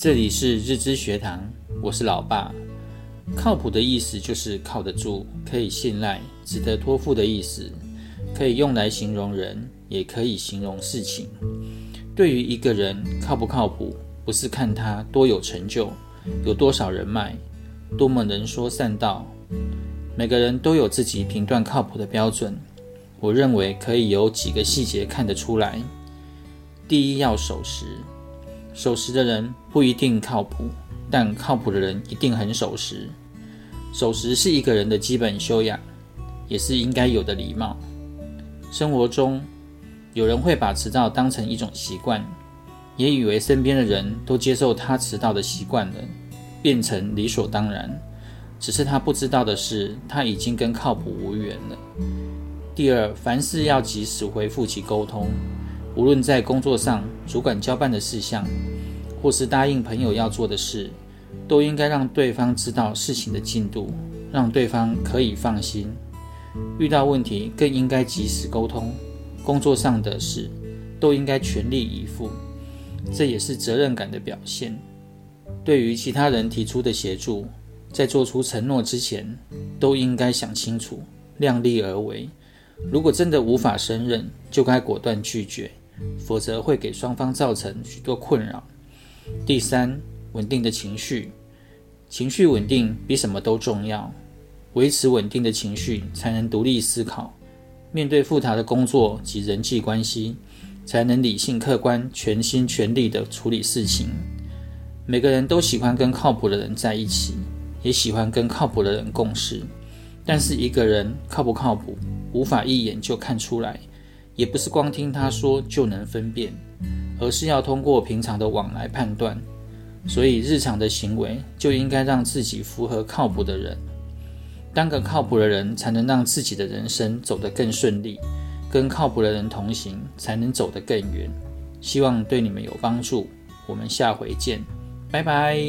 這裡是日知學堂，我是老爸。靠譜的意思就是靠得住，可以信賴，值得托付的意思，可以用來形容人，也可以形容事情。對於一個人靠不靠譜，不是看他多有成就，有多少人脈，多麼能說善道。每個人都有自己評斷靠譜的標準。我認為可以由幾個細節看得出來。第一，要守時。守時的人不一定靠譜，但靠譜的人一定很守時。守時是一個人的基本修養，也是應該有的禮貌。生活中，有人會把遲到當成一種習慣，也以為身邊的人都接受他遲到的習慣了，變成理所當然。只是他不知道的是，他已經跟靠譜無緣了。第二，凡事要及時回復其溝通。無論在工作上主管交辦的事項，或是答應朋友要做的事，都應該讓對方知道事情的進度，讓對方可以放心。遇到問題更應該及時溝通。工作上的事都應該全力以赴，這也是責任感的表現。對於其他人提出的協助，在做出承諾之前，都應該想清楚，量力而為。如果真的無法勝任，就該果斷拒絕。否則會給雙方造成許多困擾。第三，穩定的情緒，情緒穩定比什麼都重要。維持穩定的情緒，才能獨立思考，面對複雜的工作及人際關係，才能理性客觀、全心全力地處理事情。每個人都喜歡跟靠譜的人在一起，也喜歡跟靠譜的人共事。但是，一個人靠不靠譜，無法一眼就看出來。也不是光聽他說就能分辨，而是要通過平常的往來判斷。所以日常的行為就應該讓自己符合靠譜的人。當個靠譜的人，才能讓自己的人生走得更順利。跟靠譜的人同行，才能走得更遠。希望對你們有幫助。我們下回見，拜拜。